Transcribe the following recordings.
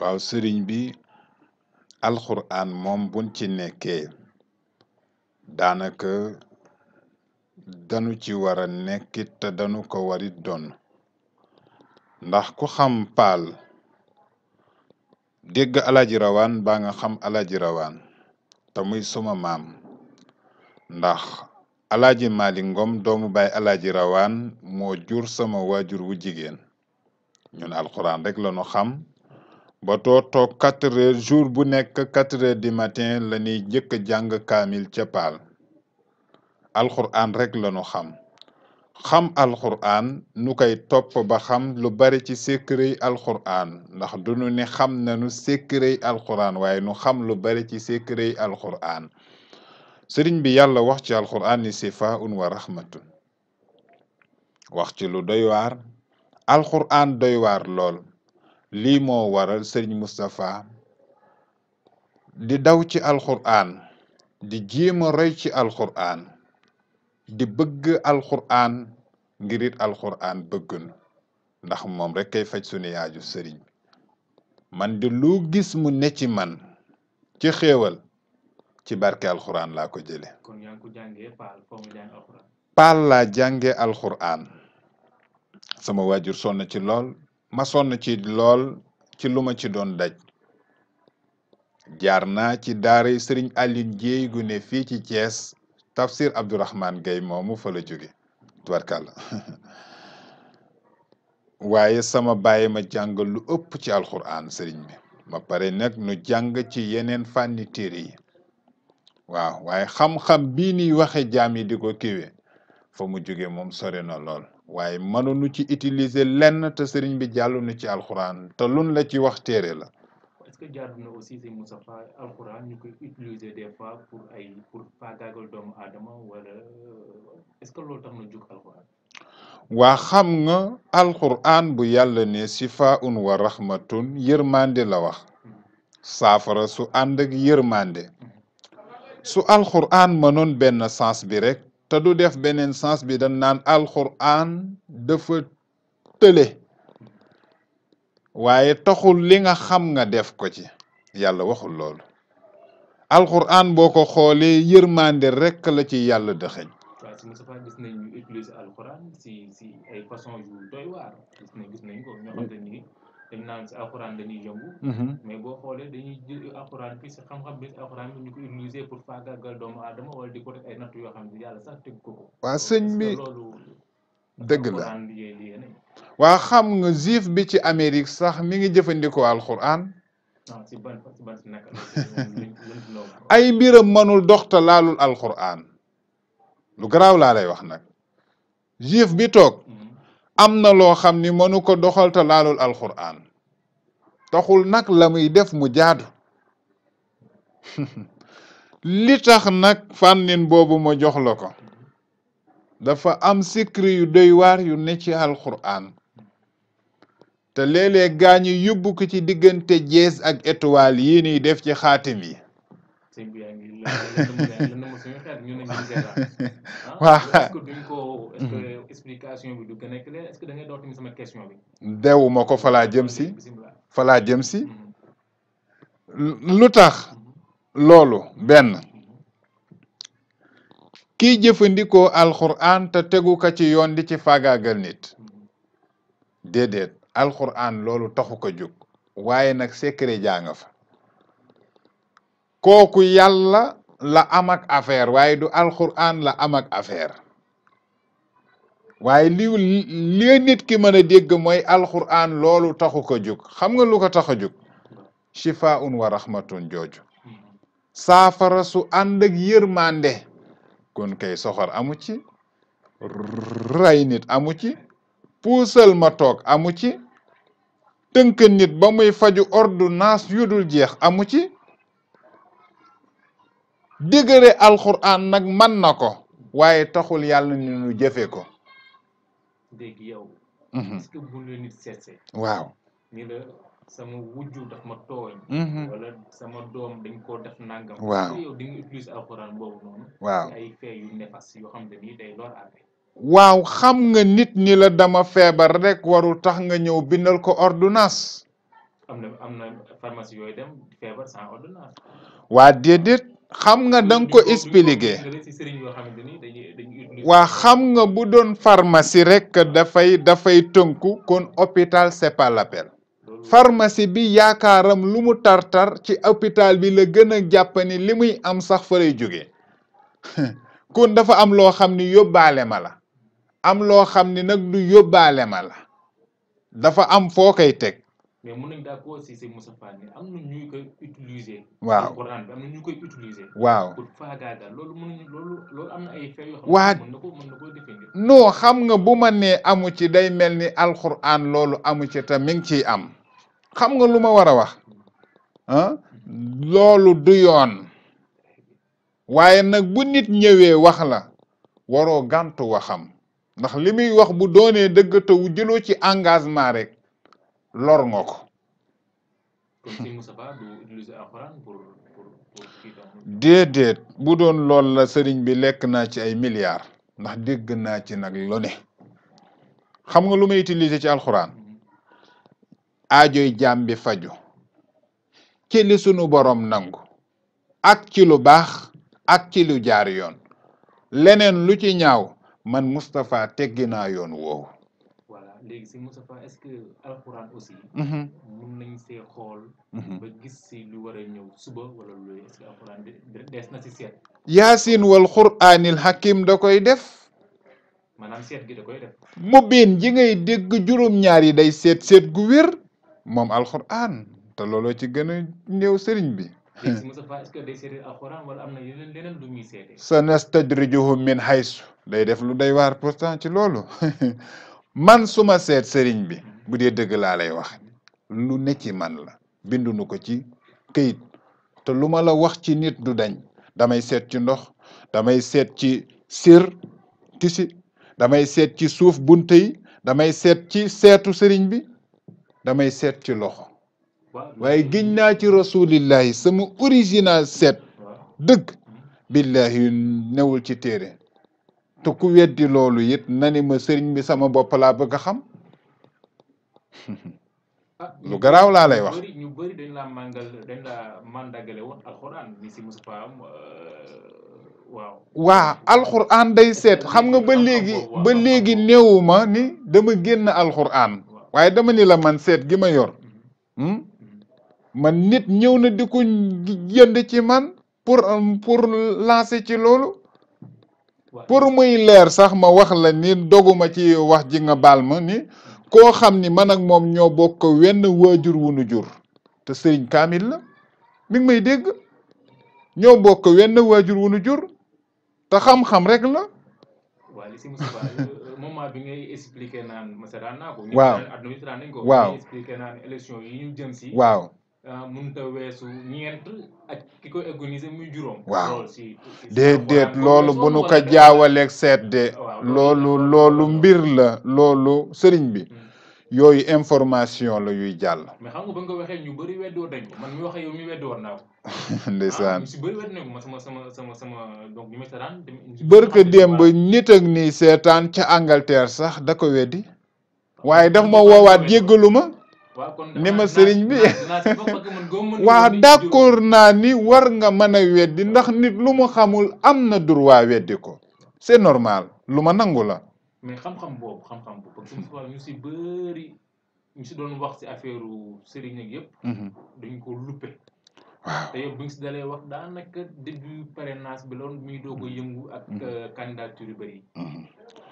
waaw sëriñ bi alxuraan moom buñ ci nekke daanaka danu ci war a nekkit te danu ko warit doon ndax ku xam paal dégg alaji rawaan baa nga xam alaji rawaan te muy suma maam ndax alaji maali ngom doomu baay alaji rawaan moo jur sama waajur wu jigéen ñun alxuraan rek la nu xam ba too toog jour bu nekk quatre heures du matin la ñuy jëkk jàng kaamil ca rek la xam xam alxuraan nu koy topp ba xam lu bari ci secret alxuraan ndax du nu ne xam nañu secret alxuraan waaye nu xam lu bari ci secret alxuraan sëriñ bi yàlla wax ci alxuraan ni sifaun wa rahmatun wax ci lu doy waar alxuraan doy lool. lii moo waral sëriñ Moustapha di daw ci alxuraan di jéem a roy ci alxuraan di bëgg alxuraan ngirit alxuraan bëggnu ndax moom rekk kay faj sunu yaaju sëriñ man di lu gis mu ne ci man ci xéewal ci barke alxuraan laa ko jële kon yaa ko jàngee paal foo nga jàng laa jàngee alxuraan sama waajur sonn ci lool ma ci lool ci lu ma ci doon daj jaar naa ci daara sëriñ Alioune Dieye gu fii ci Thiès tafsir Abdourahman Gaye moomu fa la jóge tubarkàlla waaye sama bàyyi ma jàng lu ëpp ci alxuraan sëriñ bi ba pare nag nu jàng ci yeneen fànni téere yi waaw waaye xam-xam bii waxe jaam yi di ko kiwe fa jóge moom sore na lool waaye mënuñu ci utiliser lenn te sëriñ bi jàlluñu ci alxuraan te luñ la ci wax téere la. est que jaadu na aussi sëñ Moustapha alxuraan ñu koy utiliser pour ay pour waa xam nga alxuraan bu yàlla ne sifaun wa rahmatun yërmande la wax saafara su ànd ak yërmande mm-hmm. su alxuraan mënoon benn sens bi rek. te du def beneen sens bi dañ naan alxuraan dafa tële waaye taxul li nga xam nga def ko ci yàlla waxul loolu alxuraan boo ko xoolee yërmande rek la ci yàlla dëxëñ. waaw gis nañ ñu utiliser si si ay gis nañ ko ñoo dañ naan si alxuraan mm-hmm. xoolee dañuy jël alxuraan bi si xam pour faagaagal doomu aadama wala di ko def ay nattu yoo xam ko ko. waaw sëñ bi dëgg la waa xam nga juif bi ci Amérique sax mi ngi jëfandikoo alxuraan. ay mbiram mënul doxta laalul alxuraan lu garaaw laa lay wax nag juif bi toog. Mm-hmm. am na loo xam ni mënu ko doxal te laalul alquran taxul nag lamuy def mu jaadu li tax nag fànnin boobu ma jox la ko dafa am sikri yu doy waar yu ne ci alquran te léeg gaañu yóbbu ko ci diggante jees ak étoile yi niy def ci xaatim yi sëñ bi ko est-ce que explication bi du ko falaa jëm si. jëm si. lu tax. loolu benn. ki jëfandikoo alxuraan te tegu ko ci yoon di ci faagaagal nit. déedéet alxuraan loolu taxu ko jóg. waaye nag secret jaa kooku yàlla la am ak affaire waaye du alquran la am ak affaire waaye li li nit ki mën a dégg mooy alquran loolu taxu ko jóg xam nga lu ko tax a jóg shifaun wa rahmatun jooju saafara su ànd ak yërmande kon kay soxor amu ci ray nit amu ci puusal ma toog amu ci tënk nit ba muy faju ordonnance yu dul jeex amu ci dëgëre alxuraan nag man na ko waaye taxul yàlla ni ñu jëfe ko. dégg yow. Mhm. est-ce que la sama wujju daf ma tooñ. Mhm. sama doom dañ koo def nangam. waaw yow boobu waaw ay fee yu néfaste xam waaw xam nga nit ñi la dama feebar rek warul tax nga ñëw bindal ko ordonnance. am na am na pharmacie yooyu dem feebar xam nga danga ko expliquer waa xam nga bu doon pharmacie rek dafay dafay kon hôpital c'est pharmacie bi yaakaaram lu mu tartar ci hôpital bi la gën a jàpp ni li muy am sax fa lay jóge kon dafa am loo xam ni yóbbaale ma la am loo xam ni nag du yóbbaale ma la dafa am foo koy teg mais mën nañ d'accord si si am na ñu koy waaw ñu koy utiliser. waaw pour faagaagal loolu mën ay fay yoo xam xam nga bu ma nee amu ci day mel ni Alxuraan loolu amu ci te mi ngi ciy am xam nga lu ma war a wax ah loolu du yoon waaye nag bu nit ñëwee wax la waroo gàntu waxam ndax li muy wax bu doonee dëgg te wu ci engagement rek. lor nga ko. déedéet bu doon lool sëriñ bi lekk naa ci ay milliards ndax dégg naa ci nag lone xam nga lu may utiliser ci alxuraan mm-hmm. aajoy jaam bi faju ci li sunu borom nangu ak ci lu baax ak ci lu jaar yoon leneen lu ci ñaaw man Moustapha teggi naa yoon woowu. léegi si Moustapha est-ce que alxuraan aussi. mun nañ xool. gis si lu war ñëw suba wala lu est-ce des na si seet. yaasin wal qur'aanil hakim da koy def. maanaam seet gi da koy def. mubin ji ngay dégg juróom yi day seet seet gu wér moom alxuraan te looloo ci gën a néew sëriñ bi. léegi si Moustapha est wala am na yeneen leneen lu muy seetee. sanastadrijuhum min haysu day def lu day waar pourtant ci loolu. man suma seet sëriñ bi bu dee dëgg laa lay wax lu ne man la bindunu ko ci këyit te lu ma la wax ci nit du dañ damay seet ci ndox damay seet ci sir tisi damay seet ci suuf bunte yi damay seet ci seetu sëriñ bi damay seet ci loxo waye giñ naa ci rasulillahi sama original seet dëgg billahi newul ci téere te ku weddi loolu yit na ni ma sëriñ bi sama bopp laa bëgg a xam ah, lu garaaw laa lay wax. ñu bëri dañ laa màngal dañ laa màndagale woon alxuraan ni si euh, waa alxuraan day seet xam nga ba léegi ba léegi ni dama génn alxuraan waaye dama ni la man seet gi ma yor mm-hmm. Hmm? Mm-hmm. man nit ñëw na di ko jënd ci man pour pour lancer ci loolu. pour muy leer sax ma wax la ni doguma ci wax ji nga baal ma ni koo xam ni man ak moom ñoo bokk wenn waajur wu nu jur te sëriñ kaamil la mi may dégg ñoo bokk wenn waajur wu jur te xam-xam rek la. waaw li si euh, moment bi ngay expliqué naan ma seetaan naa ko. waaw waaw expliqué yi ñu si. waaw. Euh, mënut a weesu ñeent ak ki loolu bu nu seet de. loolu loolu mbir la loolu sëriñ bi. Hmm. yooyu information la yuy jàll. mais xam nga ba ko waxee ñu bëri weddoo dañ ko man mi seetaan. ca Angleterre sax da ko weddi. waaye daf ma woowaat jéggalu ni ma sëriñ bi waaw d'accord naa ni war nga mën a weddi ndax nit lu mu xamul am na droit weddi ko c'est normal lu ma nangu la. mais xam-xam boobu xam si doon wax si affaire waaw te yow bi si dalee wax daanaka début parrainage bi loolu muy doog a mm-hmm. yëngu ak mm-hmm. euh, candidature yu bari mm-hmm.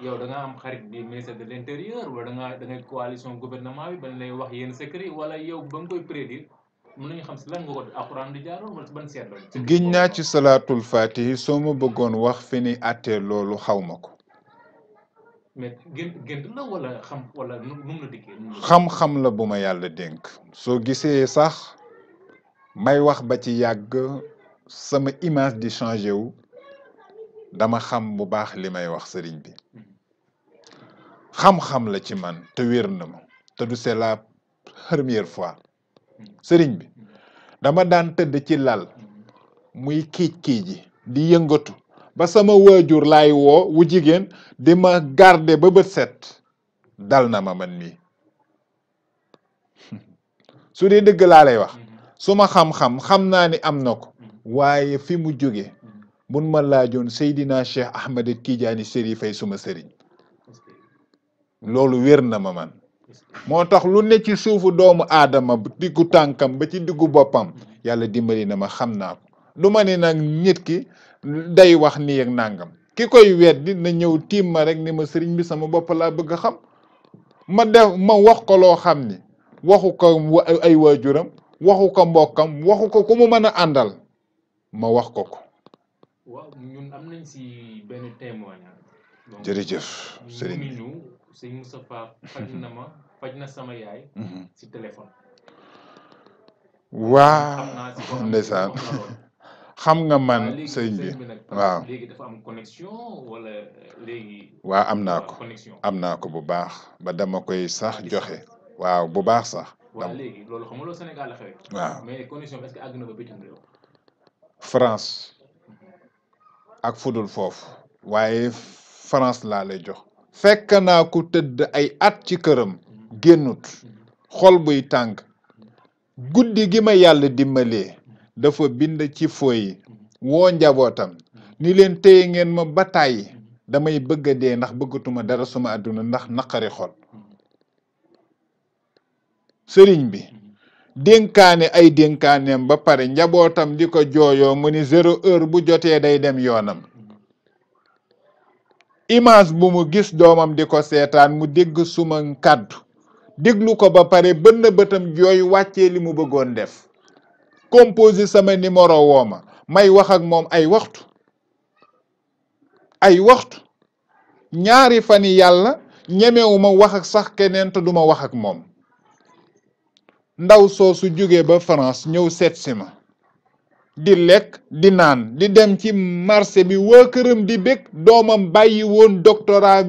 yow da nga am xarit bi ministre de l' intérieur wala da nga da ngay coalition lay wax yenn secret wala yow ba nga koy prédire mën nañu xam si lan nga ko alxuraan di jaaroon wala si giñ naa ci salaatul faatihi soo ma bëggoon wax fi ni àttee loolu xaw ma ko. mais gént la wala xam xam la bu ma yàlla dénk soo gisee sax. may wax ba ci yàgg sama image di changé wu dama xam bu baax li may wax sëriñ bi xam-xam la ci man te wér na ma te du c'est la première fois sëriñ bi dama daan tëdd ci lal muy kiij kiij ji di yëngatu ba sama waajur lay woo wu jigéen di ma garde ba bët set dal na ma man mii su dee dëgg laa lay wax suma xam-xam xam naa ni am na ko waaye fi mu jóge mun ma laajoon Seydina Cheikh Ahmed Tidiane Chérif fay suma sëriñ loolu wér na ma man moo tax lu ne ci suufu doomu aadama diggu tànkam ba ci diggu boppam yàlla dimbali na ma xam naa ko du ma ne nag nit ki day wax ni ak nangam ki koy weddi na ñëw tiima ma rek ni ma sëriñ bi sama bopp laa bëgg xam ma def ma wax ko loo xam ni waxu ko ay waajuram waxu ko mbokkam waxu ko ku mu mën a àndal ma wax ko ko. waaw ñun am nañ si benn témoignage. jërëjëf sëriñ bi ñu sëñ Moustapha na ma faj na sama si mhm. téléphone. waaw ndeysaan xam nga man sëñ bi waaw léegi dafa am connexion wala euh, léegi. am naa ko am naa ko bu baax ba dama koy sax joxe waaw bu baax sax. waaw léegi loolu xam nga loolu Sénégal la xewee. France ak fudul foofu waaye France laa lay jox. fekk naa ku tëdd ay at ci këram. génnut xool buy tàng. guddi gi ma yàlla dimbalee. dafa bind ci fooyi. woo njabootam. ni leen téye ngeen ma ba tàyyi damay bëgg dee ndax bëggatuma dara suma àdduna ndax naqari xool sëriñ bi dénkaani ay dénkaaneem ba pare njabootam di ko jooyoo mu ni zéro heure bu jotee day dem yoonam image bu mu gis doomam di ko seetaan mu dégg suma kàddu déglu ko ba pare bënn bëtam jooy wàcce li mu bëggoon def composé sama numéro woo ma may wax moom ay waxtu ay waxtu ñaari fani yàlla ñemewuma wax ak sax keneen te duma wax ak moom ndaw soosu jóge ba France ñëw seet ma di lekk di naan di dem ci marché bi waa këram di bég doomam bàyyi woon doctorat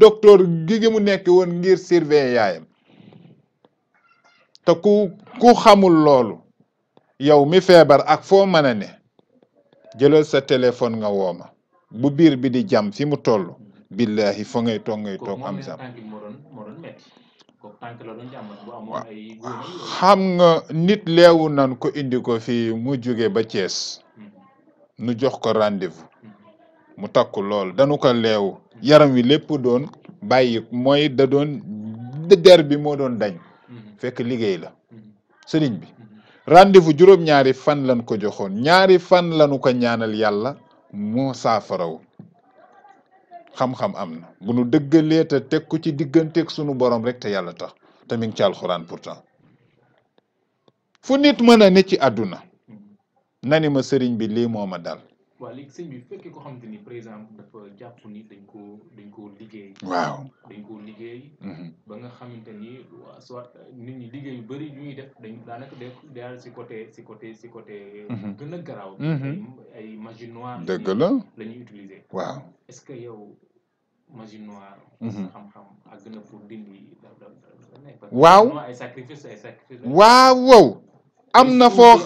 docteur gi mu nekk woon ngir surveiller yaayam te ku ku xamul loolu yow mi feebar ak foo mën ne jëlal sa telephone nga wooma bu biir bi di jam fi mu toll billahi fa ngay toog ngay too am jam xam nga nit leewu nan ko indi ko fii mu jóge ba Thiès nu mm-hmm. jox ko rendez-vous mm-hmm. mu takku lool dañu ko leewu yaram wi lépp doon bàyyi mooy da doon der bi moo doon dañ mm-hmm. fekk liggéey la sëriñ bi rendez-vous juróom fan lañ ko joxoon ñaari fan lañu ko ñaanal yàlla moo saafaraw xam-xam am na bu nu dëggalee te teg ko ci digganteeg sunu borom rek te yàlla tax te mi ngi ci alxuraan pourtant fu nit mën a ne ci àdduna nani ma sëriñ bi lii moo ma dal waaw léegi sëñ bi ko xamante ni par exemple dafa jàpp ni dañ koo dañ koo liggéey. waaw dañ koo liggéey. ba nga xamante ni waa soit ñi liggéey yu bëri yu def dañ daanaka day daal si côté si côté si côté. gën a garaaw. ay magie noire. dëgg la la ñuy utiliser. waaw est-ce que yow magie noire. xam-xam ak gën pour dindi. waaw ay sacrifice waaw am na foo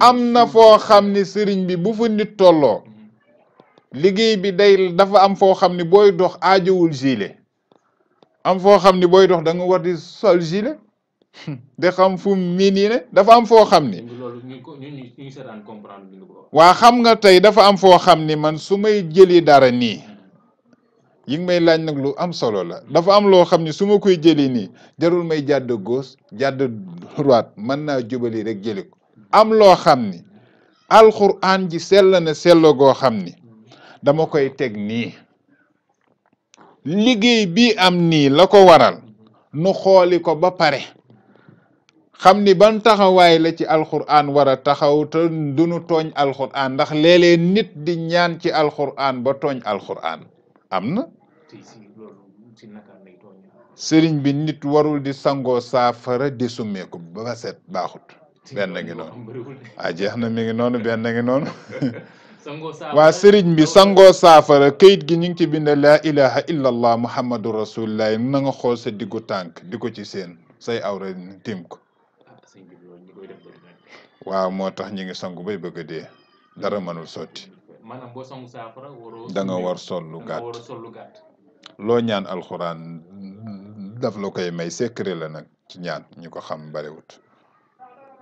am na foo xam ni sëriñ bi bu fa nit tolloo mm-hmm. liggéey bi day dafa am foo xam ni booy dox aajowul gilet am foo xam ni booy dox danga nga war di sol gilet de xam fu miin yi dafa am foo xam ni waa xam nga tey dafa am foo xam ni man su may jëli dara nii yi may laaj nag lu am solo la dafa am loo xam ne suma koy jëli nii jarul may jàdd gauche jàdd droite mën naa jubali rek jëli ko am loo xam ni alxuraan ji sell na sello goo xam ni dama koy teg nii liggéey bi am nii la ko waral nu xooli ko ba pare xam ni ban taxawaay la ci alxuraan war a taxaw te duñu tooñ alxuraan ndax léeg nit di ñaan ci alxuraan ba tooñ alxuraan am na sëriñ bi nit warul di sangoo saafara di summeeku ba set baaxut benn ngi noonu a ah, jeex na mi ngi noonu benn ngi noonu waa sëriñ bi sangoo saafara kayit gi ñu ngi ci bind laa ilaha illa allah muhammadu rasulullah na nga xool sa diggu tànk di ko ci seen say awra tim ko ah, moo tax ñu ngi sangu bay bëgg a dara mënul sotti maanaam boo sangu saafara war sol lu gàtt loo ñaan alxuraan daf loo koy may secret la nag ci ñaan ñu ko xam bariwut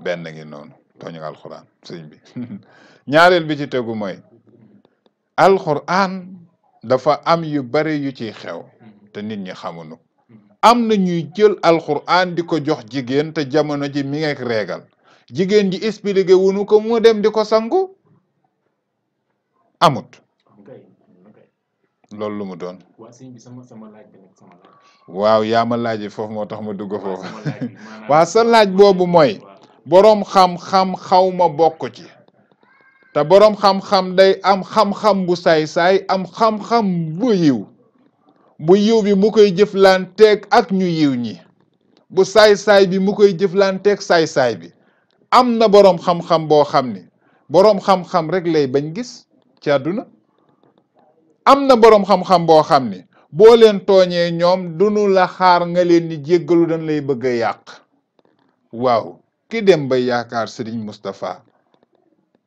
benn ngi noonu tooñu alxuraan bi ñaareel bi ci tegu mooy alxuraan dafa am yu bari yu ci xew mm-hmm. te nit ñi xamuñu am na ñuy jël alxuraan di ko jox jigéen te jamono ji mi reegal jigéen ji expliqué wuñu ko mu dem di ko sangu amut loolu lu mu doon. waaw yaa ma laajee foofu moo tax ma dugg foofu waaw sa laaj boobu mooy boroom xam-xam xaw ma bokk ci te boroom xam-xam day am xam-xam bu saay-saay am xam-xam bu yiw bu yiw bi mu koy jëflanteeg ak ñu yiw ñi bu saay-saay bi mu koy jëflanteeg saay-saay bi am na boroom xam-xam boo xam ni boroom xam-xam rek lay bañ gis. ci àdduna am na boroom xam-xam boo xam ni boo leen tooñee ñoom nu la xaar nga leen ni jéggalu dañ lay bëgg yàq waaw ki dem ba yaakaar sëriñ Mustapha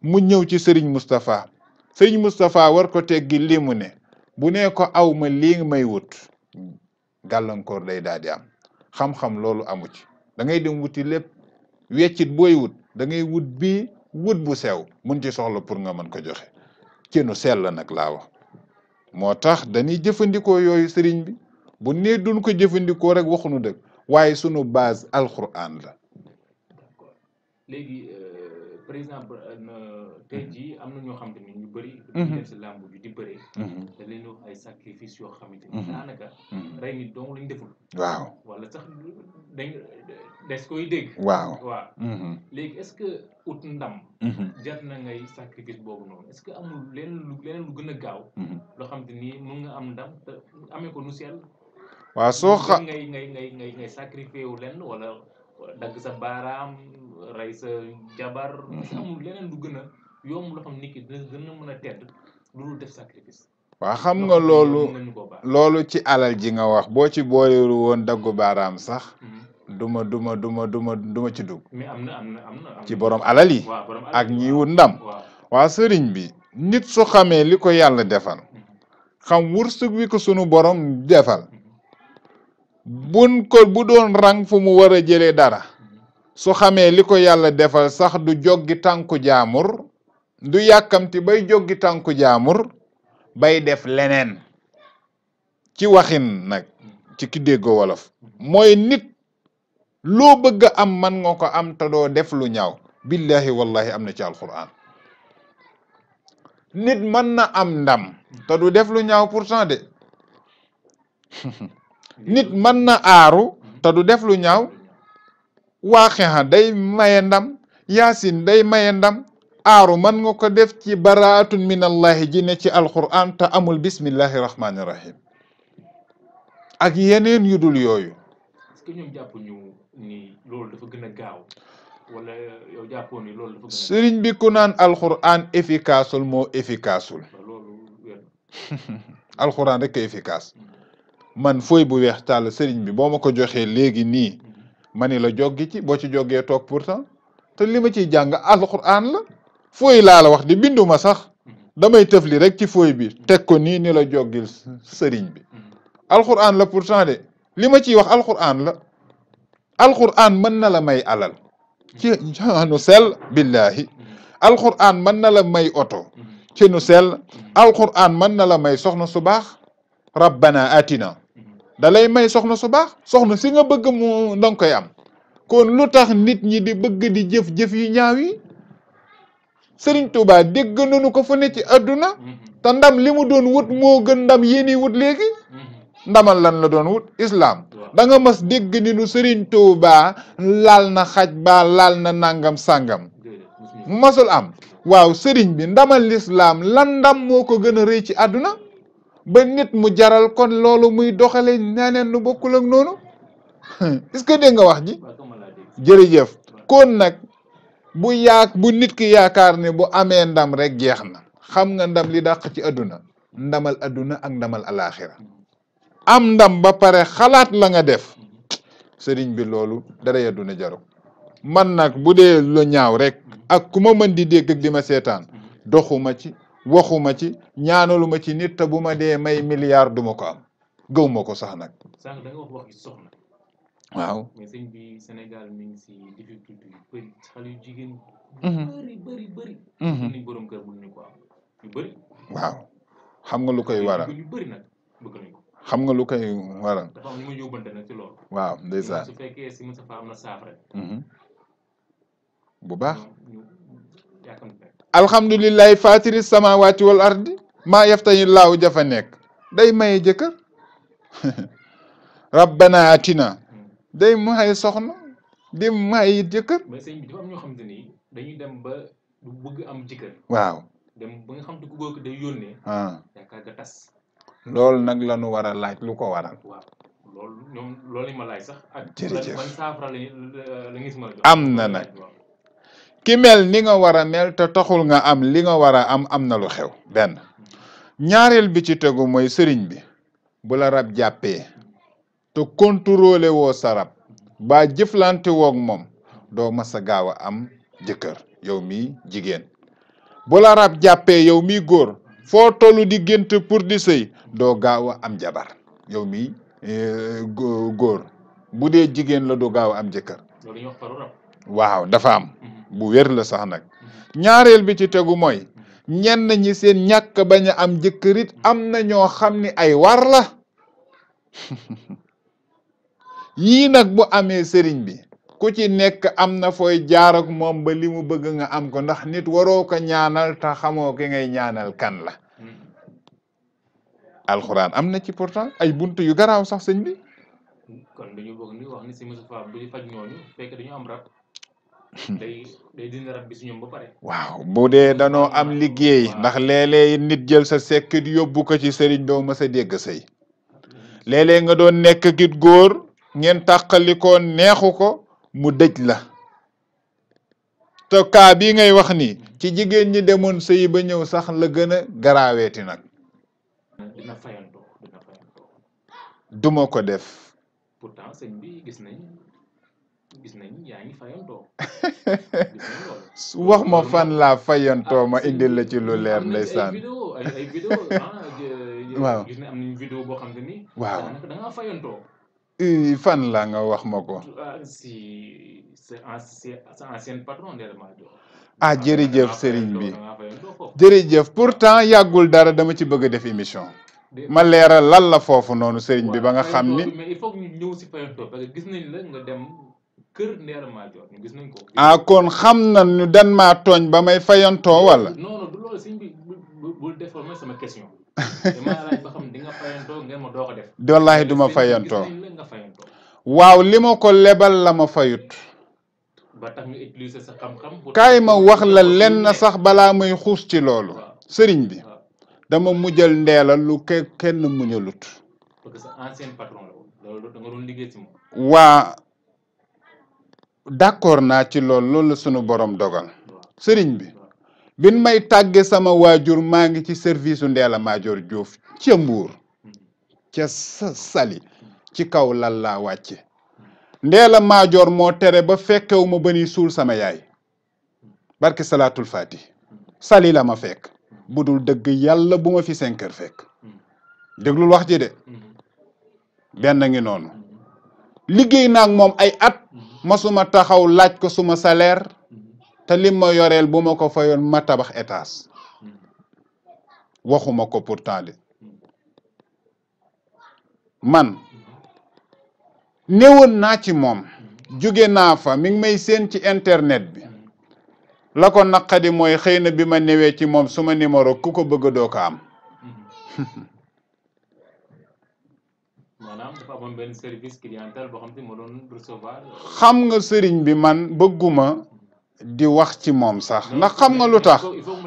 mu ñëw ci sëriñ Mustapha Serigne Mustapha war ko teggi li mu ne bu ne ko aw ma lii may wut gàllankoor day daal am xam-xam loolu amu ci dangay dem wuti lépp weccit booy wut dangay wut bii wut bu sew mën ci soxla pour nga mën ko joxe ci nu la nag laa wax moo tax dañuy jëfandikoo yooyu sëriñ bi bu nee duñ ko jëfandikoo rek waxuñu dëgg waaye sunu base alquran la par exemple euh, tey mhm. jii am na ñoo xamante ni ñu bëri. dañuy mhm. di bëree. Mhm. da leen wax ay sacrifice yoo xamante ni. daanaka rey nit lañ deful. waaw wala sax dañ des koy dégg. waaw waaw. léegi est-ce que ut ndam. jar na ngay sacrifice boobu noonu est-ce que amul leen lu leneen lu gën gaaw. loo xamante ni mun nga am ndam te amee ko nu sell. waaw soo xa ngay ngay ngay ngay sacrifice wu lenn wala dagg sa baaraam. rey sa jabar mm-hmm. amul leneen lu a yomb loo xam xam nga loolu loolu ci alal ji nga wax boo ci booleelu woon daggu baaraam sax mm-hmm. duma duma duma duma duma ci dugg mais am am na na ci borom alal yi ak ñi wut ndam waa sëriñ bi nit soo xamee li ko yàlla defal mm-hmm. xam wursug wi ko sunu borom defal bun ko bu doon rang fu mu war a dara su xamee li ko yàlla defal sax du joggi tànku jaamur du yàkkamti bay joggi tànku jaamur bay def leneen ci waxin nag ci ki déggoo wolof mooy nit loo bëgg am man nga ko am te doo def lu ñaaw billahi wallahi am na ci alquran nit mën na am ndam te du def lu ñaaw pourtant de nit mën na aaru te du def lu ñaaw waaqiha day maye ndam yaasin day maye ndam aaru man nga ko def ci baraatun min allahi ji ne ci alquran te amul bismillahi rahmaani yeneen yu dul yooyu. est que ñoom jàpp loolu dafa gën a gaaw wala yow jàppoo ni loolu bi ku naan alquran efficaceul moo efficaceul. alquran rek efficace man fooy bu weex tàll sëriñ bi boo ma ko joxee léegi nii. mani la joggi ci boo ci joggee toog pourtant te li ma ciy jàng alquran la fooy laa la wax di binduma sax damay tëfli rek ci fooy bi teg ko nii ni la joggil sëriñ bi alquran la pourtant de li ma ciy wax alquran la alquran mën na la may alal ci nu sell billahi alquran mën na la may oto ci nu sell alquran mën na la may soxna su baax rabbana atina dalay lay may soxna su baax soxna si nga bëgg mu ndanga koy am kon lu tax nit ñi di bëgg di jëf-jëf yu ñaaw yi Sëriñ Tuubaa dégg nañu ko fu ne ci àdduna mm-hmm. te ndam li mu doon wut moo gën ndam yéeni wut léegi mm-hmm. ndamal lan la doon wut islaam da mas dégg ni nu Sëriñ Tuubaa laal na xaj baa laal na nangam sàngam masul am waaw sëriñ bi ndamal lislaam lan ndam moo ko gën a rëy ci àdduna ba nit mu jaral kon loolu muy doxale neneen nu bokkul ak noonu est-ce que dégg nga wax ji jërëjëf kon nag bu yaak bu nit ki yaakaar ne bu amee ndam rek jeex na xam nga ndam li dàq ci àdduna ndamal àdduna ak ndamal alaxira am ndam ba pare xalaat la nga def sëriñ bi loolu dara àdduna jaru man nag bu dee lu ñaaw rek ak ku ma mën di dégg ak ma seetaan doxuma ci waxuma ci ñaanaluma ci nit te bu ma dee may milliard duma ko am gëw ma ko sax nag. sànq da nga wax waxi waaw bi Sénégal mi ngi si difficulté mhm. mhm. borom kër ko am xam nga lu koy waral yu bëri nag bëgg ko. xam nga lu koy waral. dafa ma yóbbante nag ci loolu. waaw ndeysaan su fekkee si Moustapha na saafara. Mhm. bu baax. alhamdulillahi fatiri samawati wal ardi maa yaftani laaw jafa nekk day maye jëkkër rabbana atina day maye soxna di maye it jëkkër. mais sëñ ñoo xamante ni dañuy dem ba du bëgg am jëkkër. waaw dem ba nga xam ne ku day yónnee. Ah. yaakaar nga nag la ñu war a laaj lu ko waral. waaw loolu ma laaj sax. ak ban saafara la am na nag. ki mel ni nga war a mel te taxul nga am li nga war a am am na lu xew benn ñaareel bi ci tegu mooy sëriñ bi bu la rab jàppee te contrôlé woo ba jëflante woog moom doo mas a gaaw a am jëkkër yow mi jigéen bu la rab jàppee yow mi góor foo tollu di gént pour di sey doo gaaw a am jabar yow mi eh, góor bu dee jigéen la doo gaaw a am jëkkër waaw dafa am mm-hmm. bu wér la sax nag mm-hmm. ñaareel bi ci tegu mooy mm-hmm. ñenn ñi seen ñàkk bañ a am jëkkërit am na ñoo xam ni ay war la yii nag bo amee sëriñ bi ku ci nekk am na fooy jaar ak moom ba li bëgg nga am ko ndax nit waroo ko ñaanal ta xamoo ki ngay ñaanal kan la alxuraan am na ci pourtant ay bunt yu garaaw sax sëñ bi dañu bëgg ni si Moussa bu ñu day bu dee danoo am liggéey ndax léeg nit jël sa sekkit yóbbu ko ci sëriñ doo mës sa dégg sëy léeg nga doon nekk kit góor ngeen tàqalikoo neexu ko mu dëj la te kaa bii ngay wax ni ci jigéen ñi demoon sëy ba ñëw sax la gën a garaaweeti nag. dina duma ko def. pourtant sëñ bi gis nañ. gis nañu yaa ngi fayantoo wax ma fan laa fayantoo ah, ma indil la ci lu leer ndeysaan ay ah, waaw gis am nañu boo xam ne ni waaw da nga fan laa nga wax ma ko ah, si sa ancien patron sëriñ bi jërëjëf pourtant yàggul dara dama ci bëgg def émission ma leeral lan la foofu noonu sëriñ bi ba nga xam ni ñëw si fayantoo kër Ndella Madior ñu gis nañ ko. ah kon xam na nu dan ma tooñ ba may fayantoo wala. non non du ma sama question. damaa laaj ba fayantoo ko waaw li ma ko lebal la ma fayut. ba tax ñu sa xam-xam. kaay ma wax la sax balaa may xuus ci loolu. sëriñ bi dama mujjal Ndella lu ke kenn muñalut. parce d'accord naa ci lool loolu la sunu boroom dogal sëriñ bi bin may tàgge sama waajur maa ngi ci service su Ndella Madior Diouf ca Mbuur ca sali ci kaw lal laa wàcce Ndella moo tere ba fekkewu ma ba ni suul sama yaay barke salaatul faati Saly la ma fekk bu dul dëgg yàlla bu ma fi cinq heures fekk déglul wax ji de benn ngi liggéey naa moom ay at masuma taxaw laaj ko suma saleer te lim ma yoreel bu ma ko fayoon ma tabax étage waxuma ko pourtant de man néwoon naa ci moom jóge naa fa mi may seen ci internet bi la ko naqadi mooy xëy na bi ma newee ci moom suma numéro ku ko bëgg doo ko am amoon benn service clientèle boo xam ne moo doon recevoir. xam nga sëriñ bi man bëgguma di wax ci moom sax ndax xam nga lu tax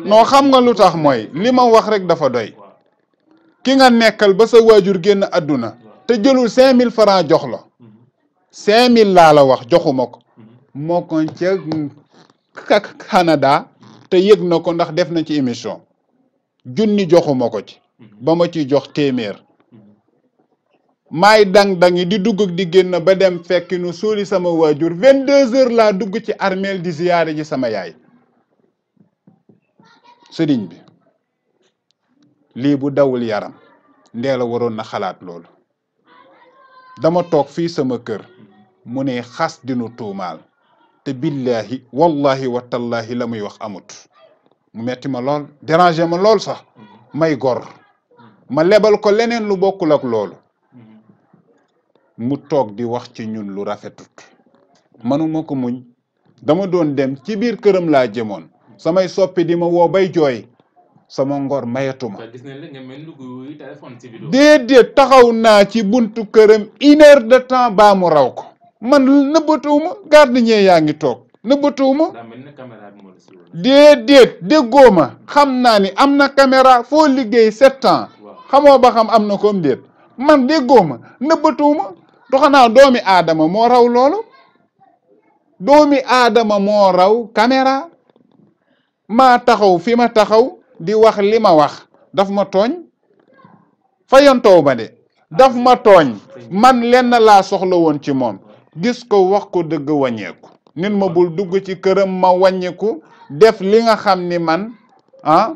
non xam nga lu tax mooy li ma wax rek dafa doy ki nga nekkal ba sa waajur génn àdduna te jëlul cinq mille francs jox la mhm. cinq mille laa la wax joxuma ko mhm. moo kon ca Canada te yëg na ko ndax def na ci émission junni joxuma ko ci mhm. ba ma ciy jox téeméer maay dang-dangi di dugg di génn ba dem fekki nu suuli sama waajur vingt deux heures laa dugg ci armeel di ziyaare ji sama yaay sëriñ bi lii bu dawul yaram ndeela waroon na xalaat lool dama toog fii sama kër mu ne xas dinu tuumaal te billahi wallahi wa tallahi la muy wax amut mu metti ma lool déranger ma lool sax may gor ma lebal ko leneen lu bokkul lool mu toog di wax ci ñun lu rafetut manuma ko muñ dama doon dem ci biir këram laa jëmoon samay soppi di ma woo bay jooy sama ngor mayatuma déedéet taxaw naa ci buntu këram une heure de temps baa mu raw ko man nëbbatuwuma gardien yaa ngi toog nëbbatuwuma déedéet déggoo ma xam naa ni am na caméra foo liggéey sept ans xamoo ba xam am na koom déet man déggoo ma to xanaa doomi aadama moo raw loolu doomi aadama moo raw caméra maa taxaw fi ma taxaw di wax li ma wax daf ma tooñ fa yontoo ba de daf ma tooñ man lenn laa soxla woon ci moom gis ko wax ko dëgg wàññeeku nit ma bul dugg ci këram ma wàññeeku def li nga xam ni man li ah,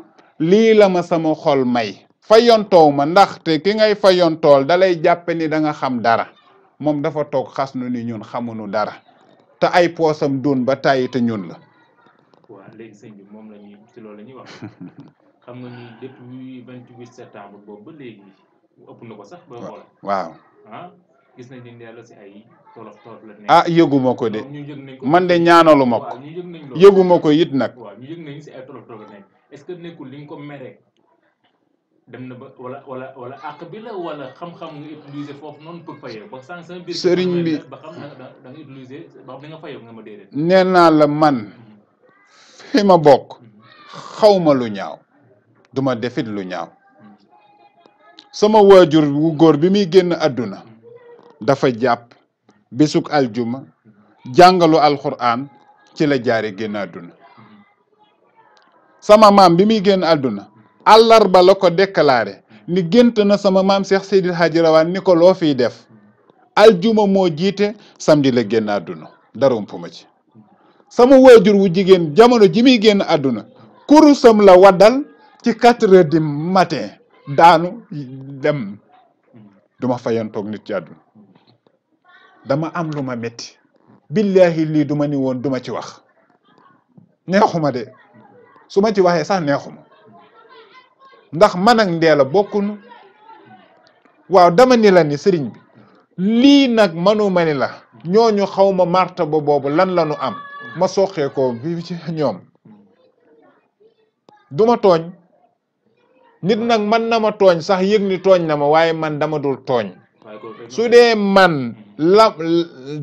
lii la ma sama xol may fa yontoo ma ndaxte ki ngay fa yontool dalay jàppe ni danga xam dara moom dafa toog xas nu ni ñun nu dara te ay poosam doon ba tàyyi te ñun la. waaw léegi sëñ moom la ñuy ci loolu la ñuy wax xam nga ni depuis vingt huit septembre boobu ba léegi ëpp na ko sax. ba waaw ah, gis nañ ni yàlla si ay tolof tolof la nekk. ah yëgu ko de man de ñaanalu ma ko. yëgu ma ko it nag. waaw ñu yëg nañ si ay tolof tolof la nekk est-ce que nekkul li nga ko meree. dem na ba wala wala wala àq bi la wala xam-xam nga utiliser foofu noonu pour bi ba xam da nga da nga ma déedéet. nee naa la man fi ma bokk xawma lu ñaaw du defit lu ñaaw sama waajur wu góor bi muy génn àdduna dafa jàpp bésuk aljuma jàngalu alxuraan ci la jaare génn àdduna sama maam bi muy génn àdduna. àllarba la ko déclaré ni gént na sama maam Cheikh Seydil Hadji Rawane ni ko loo def aljuma moo jiite sam la génn àdduna dara umpuma ci sama wejur wu jigéen jamono ji muy génn àdduna kurusam la waddal ci quatre heures du matin daanu dem duma fayantoog nit ci àdduna dama am lu ma métti billahi lii duma ni woon duma ci wax neexuma de su ma ci waxee sax neexuma ndax man ak ndeela bokkunu waaw dama ni la ni sëriñ bi lii nag manuma mani la ñooñu xaw ma marta ba boobu lan la nu am ma soxee ko ci ñoom duma tooñ nit nag man na ma tooñ sax yëg ni tooñ na ma waaye man dama dul tooñ su dee man la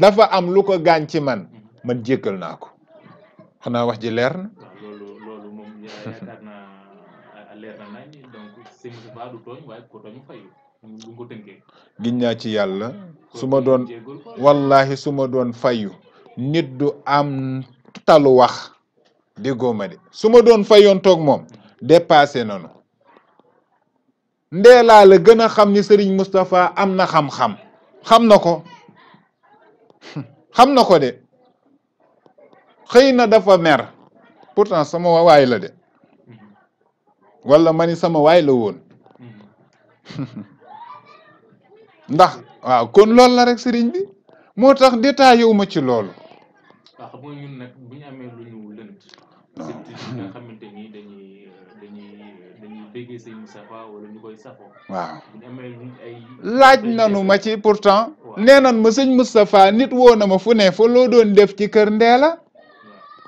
dafa am lu ko gaañ ci man man jéggal naa ko xanaa wax ji leer na leer naa ci yàlla hmm. su ma doon wallahi su ma doon fayu nit du am talu wax déggoo ma de su ma doon fayoon toog moom hmm. dépassé nanu ndeelaa la gën a xam ni Serigne Moustapha am na xam-xam xam na ko xam na ko de xëy na dafa mer pourtant sama waay la de wala ma sama waay la woon hmm. ndax waaw kon loolu la rek sëriñ bi moo tax détaillé wu ma ci loolu. waaw xam nga ñun nag amee lu ñu lënt. surtout nga xamante ni dañuy dañuy dañuy déggee say Moustapha wala ñu koy safoo. ñu amee lu ay. laaj nanu ma pourtant. nee nan ma sëñ Moustapha nit woo na ma fu ne loo doon def ci kër Ndéla.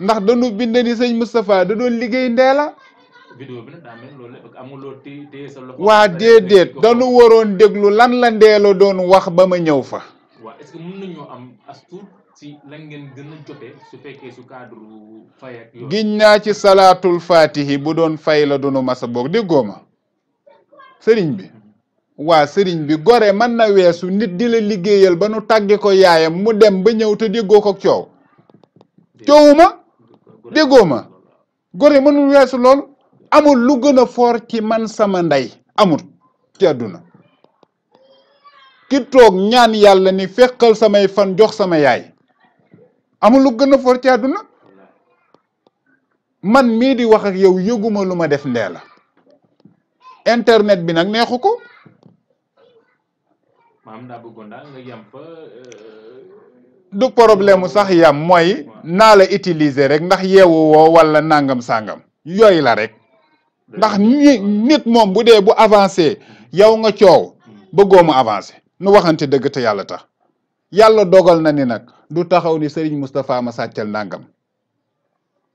ndax dañu bind ni sëñ Moustapha da doon liggéey Ndéla. waa déedéet dañu waroon déglu lan la ndeelo doon wax ba ma ñëw fa. waaw am as tuut a jotee su fekkee su cadre fay ak giñ naa ci salaatul faatihi bu doon fay la doonu masa boog déggoo ma sëriñ bi. Mhm. waa sëriñ bi gore mën na weesu nit di la liggéeyal ba nu tàgge ko yaayam mu dem ba ñëw te déggoo ko coow. coowu déggoo ma gore mënul weesu lool. amul lu gën a foor ci man sama ndey amul ci àdduna ki toog ñaan yàlla ni fekkal samay fan jox sama yaay amul lu gën a foor ci àdduna man mii di wax ak yow yëguma lu ma def ndee la internet bi nag neexu ko maam daa bëggoon daal nga euh, du problème mu sax yam mooy naa la utiliser rek ndax yeewu woo wala nangam sangam yooyu la rek ndax nit moom bu dee bu avancé yow nga coow bëggoo mu avancé nu waxante dëgg te yàlla tax yàlla dogal na ni nag du taxaw ni Serigne Moustapha ma sàccal nangam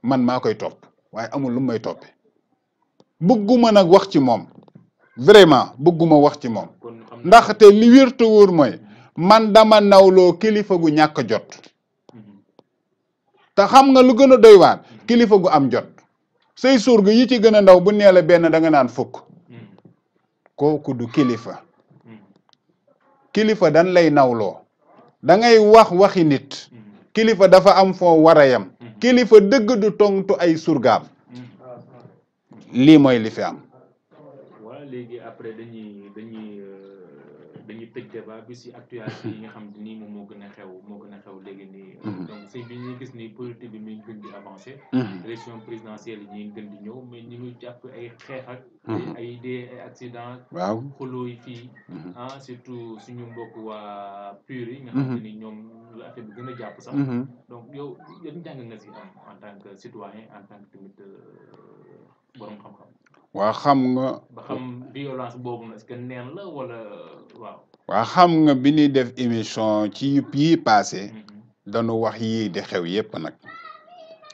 man maa koy topp waaye amul lu may toppe bëgguma nag wax ci moom vraiment bëgguma wax ci moom ndax te wér te wóor mooy man dama nawloo kilifa gu ñàkk jot mm-hmm. te xam nga lu gën a doy waar kilifa gu am jot say surga yi ci gën a ndaw bu nee benn danga naan fukk mm. kooku du kilifa mm. kilifa dan lay nawloo dangay ngay wax waxi nit mm. kilifa dafa am foo war a yam kilifa dëgg du tontu ay surgaam lii mooy li fi am. waaw léegi après euh, donc si bi ñuy gis ni politique bi mi ngi gën di avancé. élection présidentielle ñu ngi gën di ñëw mais ñu ngi jàpp ay xeex ak. ay dee ay accident. waaw xuloo yi fii. suñu mbokk waa PUR yi. nga ni ñoom la affaire bi gën a jàpp sax. donc yow yan jàng nga si am en tant que citoyen en tant que tamit borom xam-xam. waa xam nga. ba xam violence boobu nag est que neen la wala waaw. waa xam nga bi ñuy def émission ci yëpp yi dañu wax yii di xew yépp nag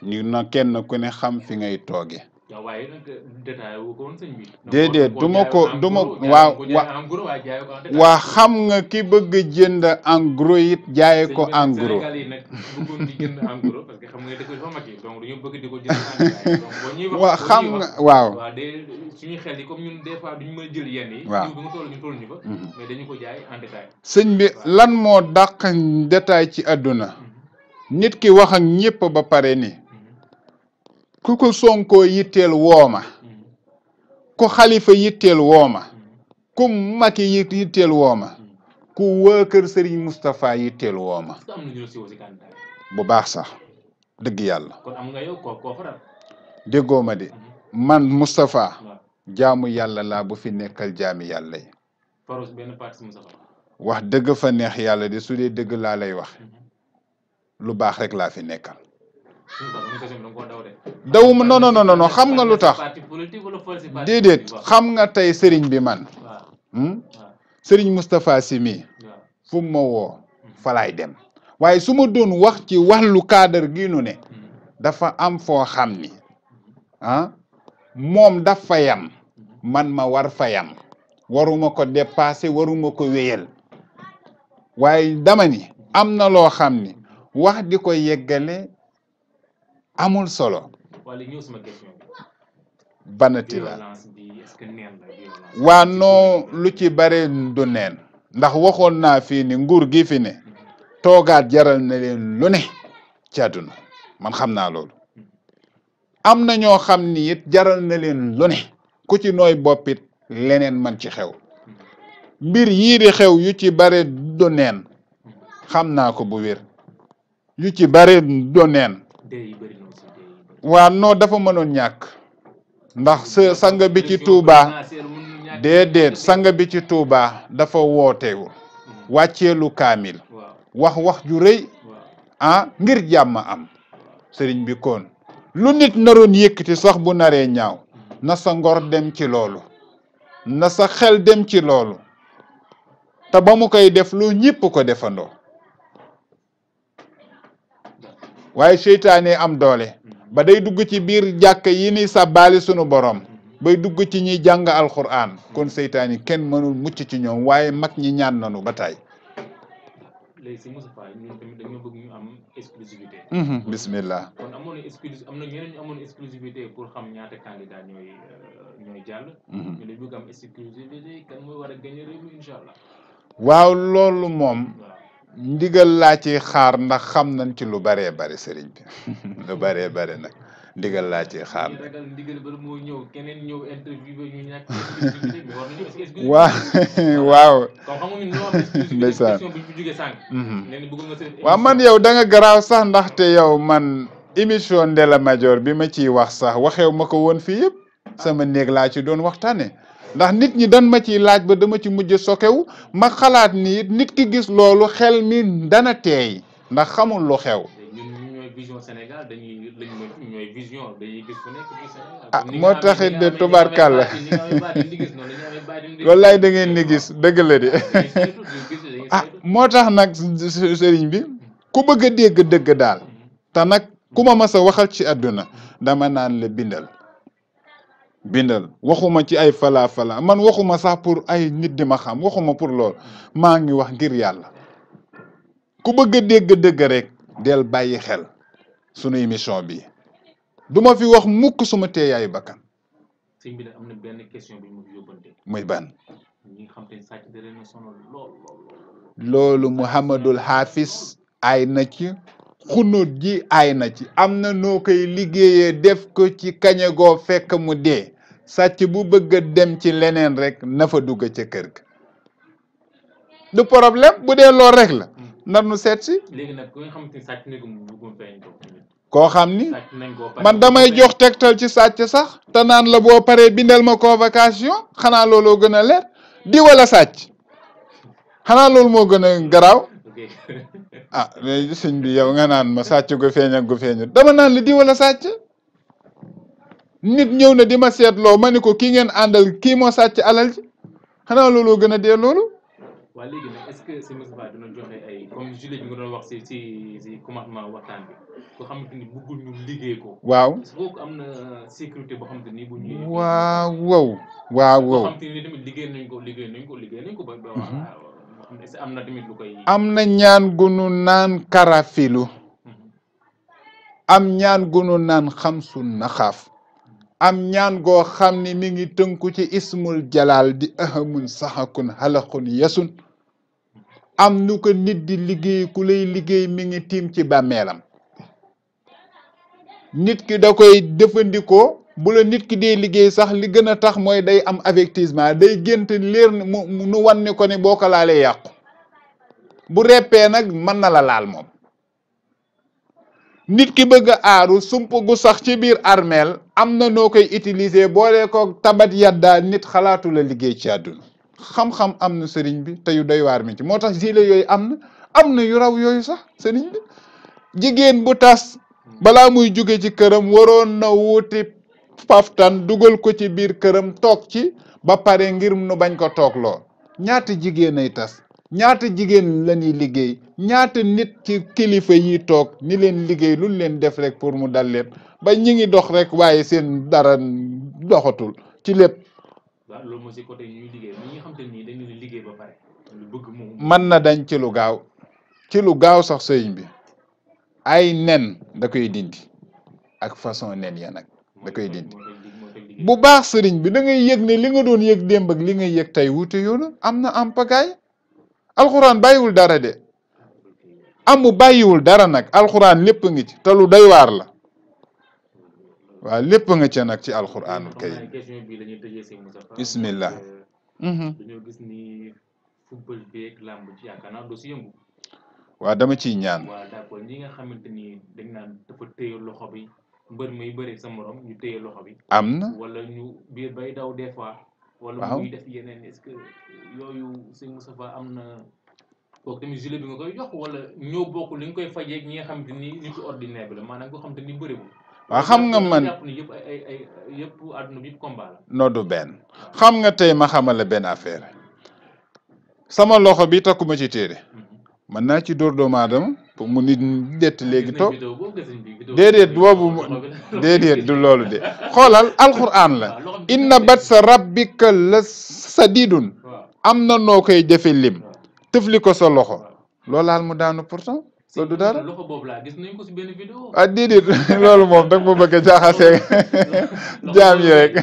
ñu na kenn ku ne xam fi ngay tooge waaye nag détaillé ko woon sëñ du ma ko du ma waaw waa xam nga ki bëgg jënd en gros it jaaye ko en gros waaw xam nga waaw suñu xel yi comme ñun des fois duñu mën a jël yenn yi waaw mhm. mais ko jaay en détail bi lan moo dàq détail ci àdduna nit ki wax ak ba pare ni ku ko Sonko yitteel wooma ku Xalifa yitteel wooma ku Macky yitteel wooma ku waa kër Serigne Moustapha yitteel wooma bu baax sax dëgg yàlla déggoo ma de man Moustapha jamu yàlla la bu fi nekkal jaami yàlla yi wax dëgg fa neex yàlla di su dëgg laa lay wax mhm. lu baax rek laa fi nekkal. dawuma non non non xam nga lu tax déedéet xam nga tey sëriñ bi man. Hmm? sëriñ Moustapha Sy mii fu mu ma woo hmm. dem waaye su ma doon wax ci wàllu cadre gi nu ne hmm. dafa am foo xam ni ah moom dafa yam man ma war fa yam waruma ko dépasser waruma ko wéyal waaye dama ni am na loo xam ni. wax di ko yeggale amul solo. banati la waa noo lu ci bare du ndax waxoon naa fii ni nguur gi fi ne toogaat jaral na leen lu ne man xam naa loolu am na ñoo xam ni it jaral na leen lu ku ci nooy boppit leneen man ci xew mbir yii xew yu ci bare du xam naa ko bu wér yu ci bare do neen waa non dafa mënoon ñàkk ndax sang bi ci Touba déedéet sang bi ci Touba dafa wootewu hmm. wàcceelu kaamil wax wax ju rëy ah ngir jàmm am sëriñ bi kon lu nit naroon yëkkati sax bu naree ñaaw hmm. na sa ngor dem ci loolu na sa xel dem ci loolu te ba mu koy def lu ñëpp ko defandoo waaye seytaane am doole ba day dugg ci biir jàkk yi ni sàbbaale sunu borom bay dugg ci ñi jàng alquran kon seytaan yi kenn mënul mucc ci ñoom waaye mag ñi ñaan nanu ba tey léegi si Moussa Faye ñun tamit bëgg ñu am exclusivité mhm, bismillah kon amoon exclus am na ñeneen ñu amoon exclusivité pour xam ñaata candidat ñooy euh, ñooy jàll mhm. ñu dañ bëgg am exclusivité kan mooy war a gagné incha allah loolu moom ndigal laa ci xaar ndax xam nañ ci lu baree bari sëriñ bi lu baree bari nag ndigal laa ci xaar waaw waaw ndeysaan mm-hmm. waaw man yow danga nga garaaw sax ndaxte yow man émission Ndella Madior bi ma ci wax sax waxew ma ko woon fii ah. sama néeg laa ci doon waxtaane ndax nit ñi dan ma ciy laaj ba dama ci mujj sokew ma xalaat ni it nit ki gis loolu xel mi dana teey ndax xamul lu xew. vision Sénégal dañuy ñooy dañuy gis fu nekk ci Sénégal. ah moo taxit de tubaarkàlla wallaay da ni gis dëgg la de ah moo tax nag sëriñ bi ku bëgg dégg dëgg daal mm-hmm. te nag ku ma mas a waxal ci àdduna dama naan la bindal. bindal waxuma ci ay falaa falaa man waxuma sax pour ay nit di ma xam waxuma pour lool maa ngi wax ngir yàlla ku bëgg a dégg rek del bàyyi xel sunu émission bi duma fi wax mukk suma teeyaayu bakkan. sëñ bi nag am na benn question bu ñu ma yóbbante. muy ban. xam te sàcc da leen a sonal lool loolu Muhammadul Haafis ay na ci. xunut ji aay na ci am na noo koy liggéeyee def ko ci kañe goo fekk mu dee sàcc bu bëgga dem ci leneen rek na fa dugg ca kër ga du problème bu dee lool rek la hmm. nar nu seet si. léegi nag koo xam ni man damay jox tegtal ci sàcc sax te naan la boo paree bindal ma ko convocation xanaa looloo gën a leer di a sàcc xanaa loolu moo gën a garaaw ah mais sëñ bu yow nga naan ma sàcc gu feeñ ak gu feeñut dama naan la di wala sàcc. nit ñëw na di ma seetloo ma ni ko kii ngeen àndal kii moo sàcc alal ji xanaa looloo gën a dee loolu. waa léegi est-ce que si Moustapha dina joxe ay doon wax si si si commencement waxtaan bi nga xamante ni bëggul ñu liggéey ko. waaw est am na sécurité boo xamante ni bu wow. waaw wow xam te ni liggéey nañ ko liggéey nañ ko liggéey nañ ko mhm. am na tamit lu koy. am na ñaan gunu naan karafilu. Mhm. am ñaan gunu naan xam su naxaaf. am ñaan goo xam ni mi ngi tënku ci ismul jalaal di ahamun saxakun xalaxun yasun am nu ko nit di liggéey ku lay liggéey mi ngi tiim ci bàmmeelam nit ki da koy jëfandikoo bu la nit ki dee liggéey sax li gën a tax mooy day am avertissement day gént leer nu wan ni ko ne boo ko laalee yàqu bu reppee nag mën na la laal moom nit ki bëgg a aaru sump gu sax ci biir armeel am na noo koy utiliser boole ko tabat yaddaa nit xalaatu la liggéey ci àdduna xam-xam am na sëriñ bi te yu doy mi ci moo tax gile yooyu am na am na yu raw yooyu sax sëriñ bi jigéen bu tas balaa muy jóge ci këram waroon na wuuti paftan dugal ko ci biir këram toog ci ba pare ngir nu bañ ko toog lool ñaata jigéen ay tas ñaata jigéen la liggéey ñaata nit ci kilifa yi toog ni leen liggéey lu leen def rek pour mu dal leen ba ñi ngi dox rek waaye seen dara doxatul ci lépp. waaw loolu mooy si côté ñuy ñi nga xam ni dañu liggéey ba pare mu. mën na dañ ci lu gaaw ci lu gaaw sax sëñ bi ay nen da koy dindi ak façon nen ya nag da koy dindi. bu baax sëriñ bi da ngay yëg ne li nga doon yëg démb ak li ngay yëg tey wute yoonu am na am alxuraan bàyyiwul dara de amu bàyyiwul dara nag alxuraan lépp ngi ci te lu doy waar la waaw lépp nga ca nag ci alxuraanul karim bismillah dañoo gis ni football beeg làmb ci yaakaar naa doo si yëngu waaw dama ciy ñaan waaw d'accord ñi nga xamante ni dañ naan dafa loxo bi mbër muy bëri sa loxo bi am na fois wala muy def yeneen est-ce que yooyu sëñ am na kooku tamit gilet bi ñoo bokk li nga koy fajee ak ñi nga xam te ni nit ordinaire bi la maanaam nga xam te ni xam nga man jàpp yëpp ay ay ay yëpp àdduna bi noo du benn xam nga tey ma xamale benn affaire sama loxo bi takkuma ci téere mhm. mën naa ci dóor doomu aadama pour mu nit dett ah, léegi toog déedéet boobu déedéet du loolu de xoolal alquran la inna batsa rabbika la sadidun am na noo koy jëfe lim tëfli ko sa loxo loolaal mu daanu pourtant loolu du dara loxo boobu laa gis nañ ah, loolu moom dag ma bëgg a jaaxasee rek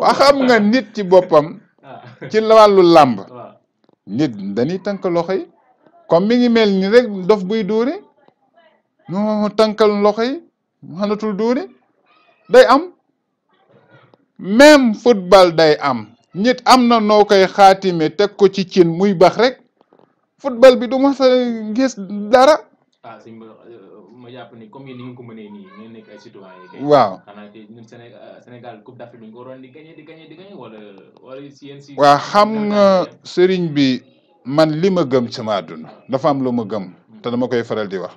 waa nga nit ci boppam ah. ci wàllu làmb nit dañuy tënk loxo comme mi ngi mel ni rek dof buy duuri no tànkal loxo yi xanatul duuri day am même football day am nit am na noo koy xaatime teg ko ci cin muy bax rek football bi du mas a dara. ah si ma ni comme ni nga ko mënee nii ngeen nekk ay ah, ko waroon xam nga sëriñ bi. man li ma gëm sama àdduna dafa am lu ma gëm te dama koy faral di wax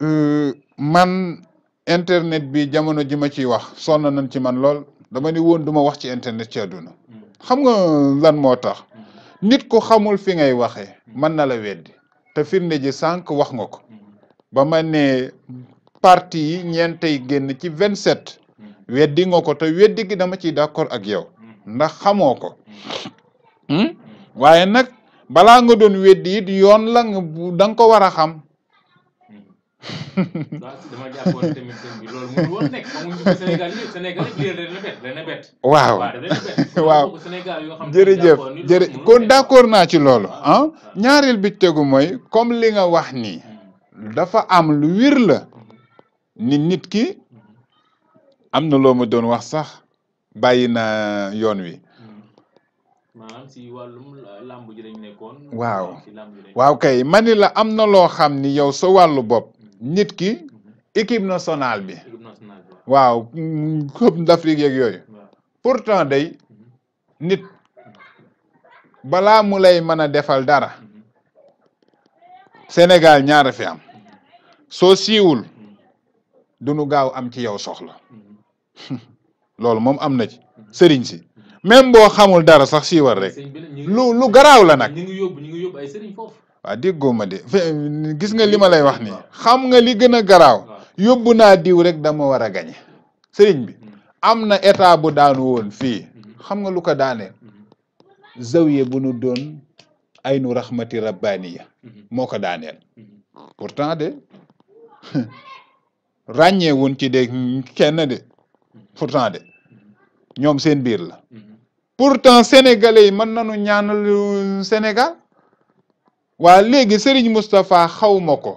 euh, man internet bi jamono ji ma ciy wax sonn nañ ci man lool dama ni woon du ma wax ci internet ci àdduna xam nga lan moo tax nit ku xamul fi ngay waxee man na la weddi te firnde ji sànq wax nga ko ba ma ne parti yi ñeentay génn ci vingt sept weddi nga ko te weddi gi dama ciy d'accord ak yow ndax xamoo waaye nag balaa nga doon weddi it yoon la nga dang ko war a xam. Hmm. dama jàppoon tamit bi loolu mënul woon nekk naa ci loolu ah ñaareel bi mooy comme li nga wax ni hmm. dafa am lu wir la ni nit ki hmm. am na loo ma doon wax sax bàyyi na yoon wi maanaam si wàllum ji nekkoon. waaw waaw kay ma ni la am na loo xam ni yow sa wàllu bopp mm-hmm. nit ki mm-hmm. équipe nationale bi. waaw Coupe d'Afrique yeeg yooyu. pourtant day mm-hmm. nit balaa mu lay mën a defal dara Sénégal ñaara fi am soo siiwul du gaaw am ci yow soxla loolu moom am na ci sëriñ si. même boo xamul dara sax siiwal rek lu lu garaaw la nag ñu ngi yóbbu ñu ngi yóbbu ay sëriñ foofu waaw déggoo ma de gis nga li ma lay wax ni xam nga li gën a garaaw yóbbu naa diw rek dama war a gañe sëriñ bi hmm. am na eta bu daanu woon fii hmm. xam nga lu ko daaneel hmm. zawiye bu nu doon ay nu raxmati rabbaniya moo ko daaneel pourtant de ràññee woon ci de kenn de pourtant de ñoom seen biir la pourtant sénégalais yi mën nañu ñaanal Sénégal waa léegi Serigne Moustapha xaw ko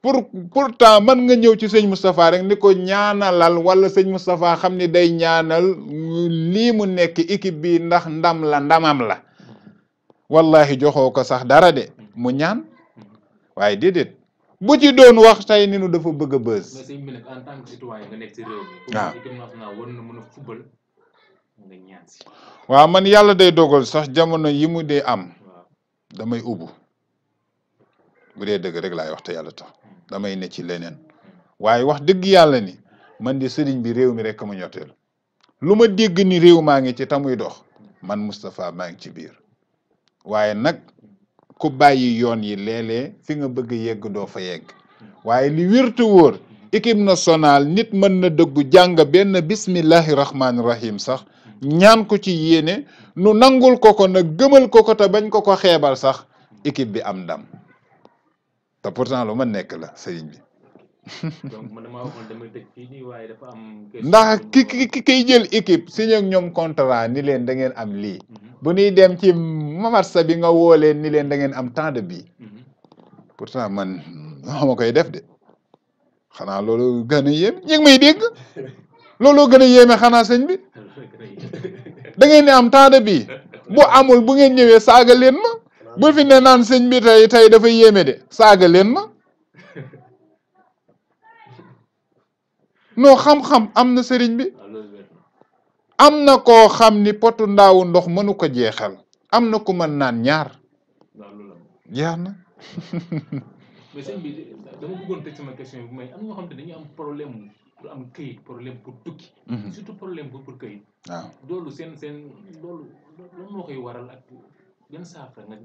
pour pourtant mën nga ñëw ci sëñ Moustapha rek ni ko ñaanalal wala sëñ Moustapha xam ni day ñaanal lii mu nekk équipe bi ndax ndam la ndamam la wallahi joxoo ko sax dara de mu ñaan waaye déedéet bu ci doon wax tey ni nu dafa bëgg a bës. sëñ bi na waaw man yàlla day dogal sax jamono yi mu dee am damay ubbu bu dee dëgg rek laay wax te yàlla tax damay ne ci leneen waaye wax dëgg yàlla ni man di sëriñ bi réew mi rek ma ñotteel lu ma dégg ni réew maa ngi ci tamuy dox man Moustapha maa ngi ci biir waaye nag ku bàyyi yoon yi léeg fi nga bëgg yegg doo fa yegg waaye li wér te wóor équipe nationale nit mën na dëggu jàng benn bismillahi rahmaani rahim sax ñaan ko ci yéene nu nangul ko ko nag gëmal ko ko bañ ko ko xeebal sax équipe bi am ndam te pourtant lu man nekk la sëriñ bi. donc man damaa waxoon damay tëj fii nii waaye ndax ki ki ki kay jël équipe signé ñoom contrat ni leen da ngeen am lii. Mhm. bu ñuy dem ci mamarsa bi nga woo ni leen dangeen am temps de bi mhm. pourtant man ma koy def de xanaa loolu gën a yéeme ñu ngi may dégg looloo gën a bi. da ngeen am taada bi bii bu amul bu ngeen ñëwee saaga leen ma bu fi ne naan sëñ bi tey tey dafa yéeme de saaga leen ma non xam-xam am na sëriñ bi am na koo xam ni potu ndaawu ndox mënu ko jeexal am na ku mën naan ñaar jeex na. mais sëñ bi dama pour am këyit problème pour tukki. Mhm. surtout problème pour pour këyit. waaw loolu seen seen loolu loolu moo koy waral ak benn saafara nga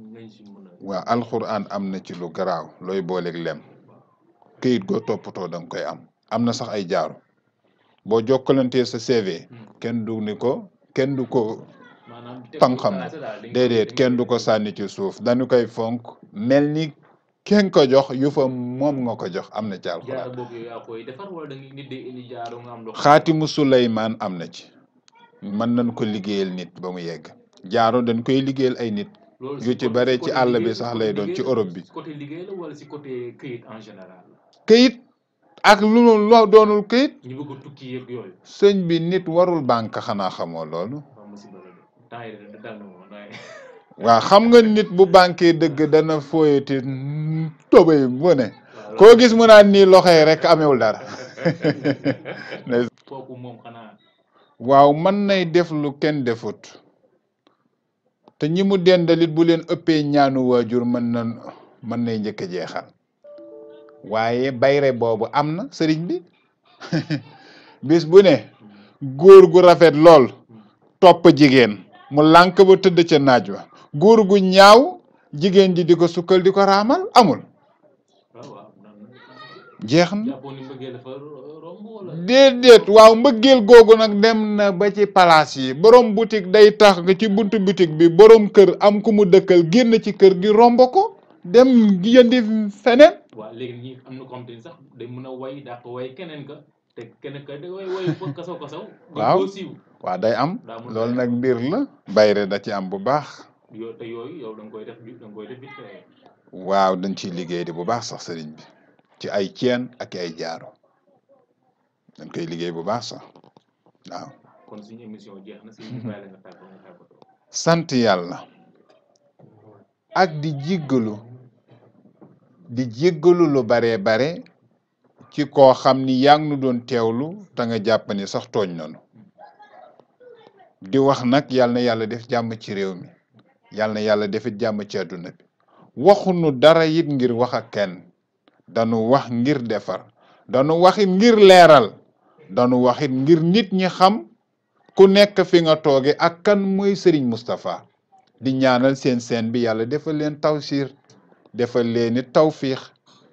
am na ci lu garaaw looy booleeg lem këyit toppatoo da nga koy am am na sax ay jaaru boo jokkalantee sa CV. Hmm. kenn du ni ko kenn du ko. maanaam xam-xam suuf dañu koy fonk mel kenn ko jox yu fa moom nga ko jox am na ci alxuraan xaatimu Suleymaan am na ci mën nañ ko liggéeyal nit ba mu yegg jaaro dañ koy liggéeyal ay nit yu ci bare ci àll bi sax lay doon ci Europe bi kayit ak lu loo doonul këyit sëñ bi nit warul banque xanaa xamo loolu waaw xam nga nit bu banque dëgg dana fooyati tobay mu ne koo gis mu naan nii loxo rek amewul dara kooku moom waaw mën nay def lu kenn defut te ñi mu dendalit bu leen ëppee ñaanu waajur mën na mën nay njëkk a jeexal waaye bayre boobu am na sëriñ bi bis bu ne hmm. góor gu rafet lool hmm. topp jigéen mu lank ba tëdd ca naaj wa góor gu ñaaw jigéen ji di ko sukkal di ko raamal amul ah, jeex na déedéet waaw mbëggeel googu nag dem na ba ci palaas yi borom boutique day tax nga ci buntu boutique bi boroom kër am ku mu dëkkal génn ci kër gi romb ko dem yëndi feneen. waaw léegi ñi am na comme sax day a way daa ko way te keneen day am. lool nag mbir la. bayre da ci am bu baax. yoo yow da koy def da nga waaw dañ ciy liggéey di bu baax sax sëriñ bi ci ay ceen ak ay jaaro dañ koy liggéey bu baax sax kon suñu jeex na sant yàlla ak di jéggalu di jéggalu lu baree bare ci koo xam ni yaa ngi nu doon teewlu te nga jàpp ni sax tooñ nanu di wax nag yàlla na yàlla def jàmm ci réew mi. yal na yàlla defit jàmm ci na bi waxunu dara yit ngir wax ak kenn danu wax ngir defar danu waxit ngir leeral danu waxit ngir nit ñi xam ku nekk fi nga tooge ak kan mooy Serigne Mustapha di ñaanal seen seen bi yàlla defal leen tawsiir defal leen it tawfiix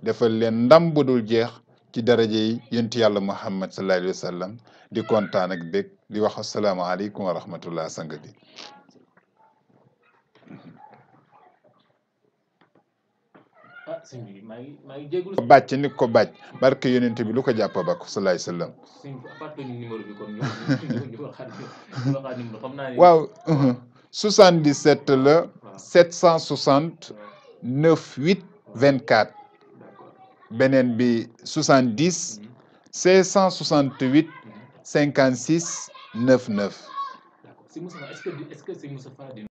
defal leen ndam bu dul jeex ci daraje yi yonent yàlla Muhammad sallallahu alayhi di kontaan ak di wax asalaamaaleykum aleykum rahmatullah sang sëñ bi maa ngi maa ngi jégalu. ko bàcc ni ko bàcc barke yonent bi lu ko jàpp ba ko salaay salaam. sëñ bi fàtte numéro bi kon ñu ñu waxaat uh-huh. beneen bi 70. 668. 56 99. d'accord si Moustapha est-ce que